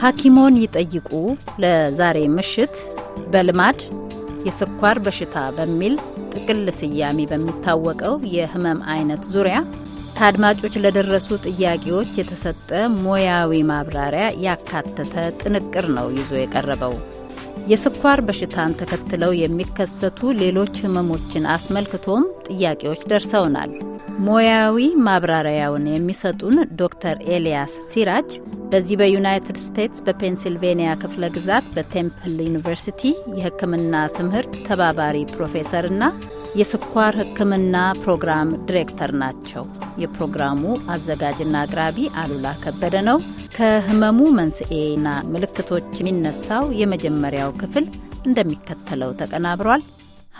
ሐኪሞን ይጠይቁ ለዛሬ ምሽት በልማድ የስኳር በሽታ በሚል ጥቅል ስያሜ በሚታወቀው የህመም አይነት ዙሪያ ከአድማጮች ለደረሱ ጥያቄዎች የተሰጠ ሙያዊ ማብራሪያ ያካተተ ጥንቅር ነው ይዞ የቀረበው። የስኳር በሽታን ተከትለው የሚከሰቱ ሌሎች ህመሞችን አስመልክቶም ጥያቄዎች ደርሰውናል። ሙያዊ ማብራሪያውን የሚሰጡን ዶክተር ኤልያስ ሲራጅ በዚህ በዩናይትድ ስቴትስ በፔንሲልቬንያ ክፍለ ግዛት በቴምፕል ዩኒቨርሲቲ የሕክምና ትምህርት ተባባሪ ፕሮፌሰርና የስኳር ሕክምና ፕሮግራም ዲሬክተር ናቸው። የፕሮግራሙ አዘጋጅና አቅራቢ አሉላ ከበደ ነው። ከህመሙ መንስኤና ምልክቶች የሚነሳው የመጀመሪያው ክፍል እንደሚከተለው ተቀናብሯል።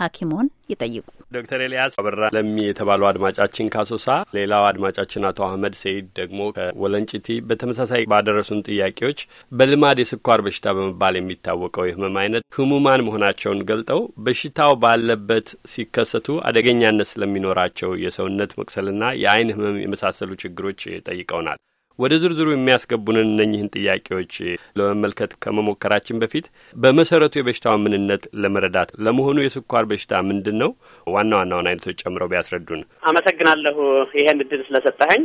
ሐኪሞን ይጠይቁ። ዶክተር ኤልያስ አበራ ለሚ የተባሉ አድማጫችን ካሶሳ፣ ሌላው አድማጫችን አቶ አህመድ ሰይድ ደግሞ ከወለንጭቲ በተመሳሳይ ባደረሱን ጥያቄዎች በልማድ የስኳር በሽታ በመባል የሚታወቀው የህመም አይነት ህሙማን መሆናቸውን ገልጠው በሽታው ባለበት ሲከሰቱ አደገኛነት ስለሚኖራቸው የሰውነት መቅሰልና የአይን ህመም የመሳሰሉ ችግሮች ጠይቀውናል። ወደ ዝርዝሩ የሚያስገቡንን እነኝህን ጥያቄዎች ለመመልከት ከመሞከራችን በፊት በመሰረቱ የበሽታውን ምንነት ለመረዳት ለመሆኑ የስኳር በሽታ ምንድን ነው ዋና ዋናውን አይነቶች ጨምረው ቢያስረዱን። አመሰግናለሁ ይሄን እድል ስለሰጠኸኝ።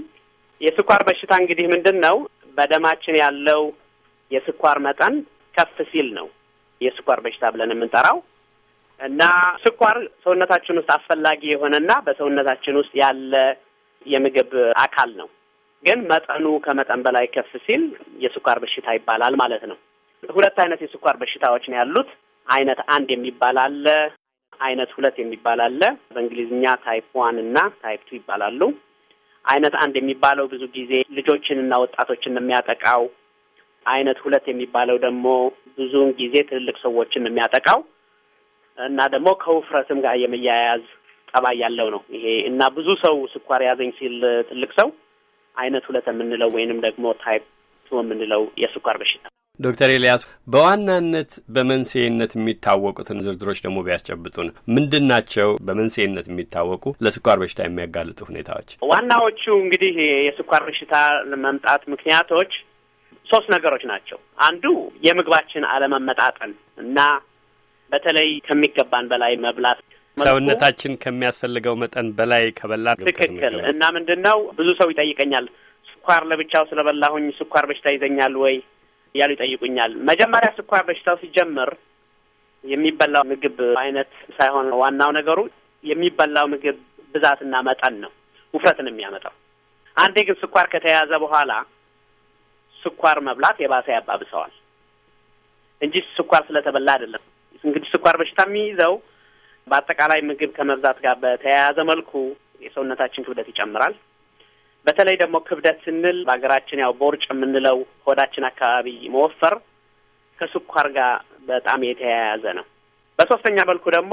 የስኳር በሽታ እንግዲህ ምንድን ነው? በደማችን ያለው የስኳር መጠን ከፍ ሲል ነው የስኳር በሽታ ብለን የምንጠራው እና ስኳር ሰውነታችን ውስጥ አስፈላጊ የሆነና በሰውነታችን ውስጥ ያለ የምግብ አካል ነው። ግን መጠኑ ከመጠን በላይ ከፍ ሲል የስኳር በሽታ ይባላል ማለት ነው። ሁለት አይነት የስኳር በሽታዎች ነው ያሉት። አይነት አንድ የሚባል አለ፣ አይነት ሁለት የሚባል አለ። በእንግሊዝኛ ታይፕ ዋን እና ታይፕ ቱ ይባላሉ። አይነት አንድ የሚባለው ብዙ ጊዜ ልጆችንና ወጣቶችን የሚያጠቃው፣ አይነት ሁለት የሚባለው ደግሞ ብዙውን ጊዜ ትልልቅ ሰዎችን የሚያጠቃው እና ደግሞ ከውፍረትም ጋር የመያያዝ ጠባይ ያለው ነው ይሄ እና ብዙ ሰው ስኳር ያዘኝ ሲል ትልቅ ሰው አይነት ሁለት የምንለው ወይንም ደግሞ ታይፕ ቱ የምንለው የስኳር በሽታ ዶክተር ኤልያስ በዋናነት በመንስኤነት የሚታወቁትን ዝርዝሮች ደግሞ ቢያስጨብጡን ምንድን ናቸው? በመንስኤነት የሚታወቁ ለስኳር በሽታ የሚያጋልጡ ሁኔታዎች ዋናዎቹ እንግዲህ የስኳር በሽታ ለመምጣት ምክንያቶች ሶስት ነገሮች ናቸው። አንዱ የምግባችን አለመመጣጠን እና በተለይ ከሚገባን በላይ መብላት ሰውነታችን ከሚያስፈልገው መጠን በላይ ከበላ ትክክል እና ምንድን ነው ብዙ ሰው ይጠይቀኛል። ስኳር ለብቻው ስለበላሁኝ ስኳር በሽታ ይዘኛል ወይ እያሉ ይጠይቁኛል። መጀመሪያ ስኳር በሽታው ሲጀምር የሚበላው ምግብ አይነት ሳይሆን ዋናው ነገሩ የሚበላው ምግብ ብዛትና መጠን ነው ውፍረትን የሚያመጣው። አንዴ ግን ስኳር ከተያዘ በኋላ ስኳር መብላት የባሰ ያባብሰዋል እንጂ ስኳር ስለተበላ አይደለም። እንግዲህ ስኳር በሽታ የሚይዘው በአጠቃላይ ምግብ ከመብዛት ጋር በተያያዘ መልኩ የሰውነታችን ክብደት ይጨምራል። በተለይ ደግሞ ክብደት ስንል በሀገራችን ያው ቦርጭ የምንለው ሆዳችን አካባቢ መወፈር ከስኳር ጋር በጣም የተያያዘ ነው። በሶስተኛ መልኩ ደግሞ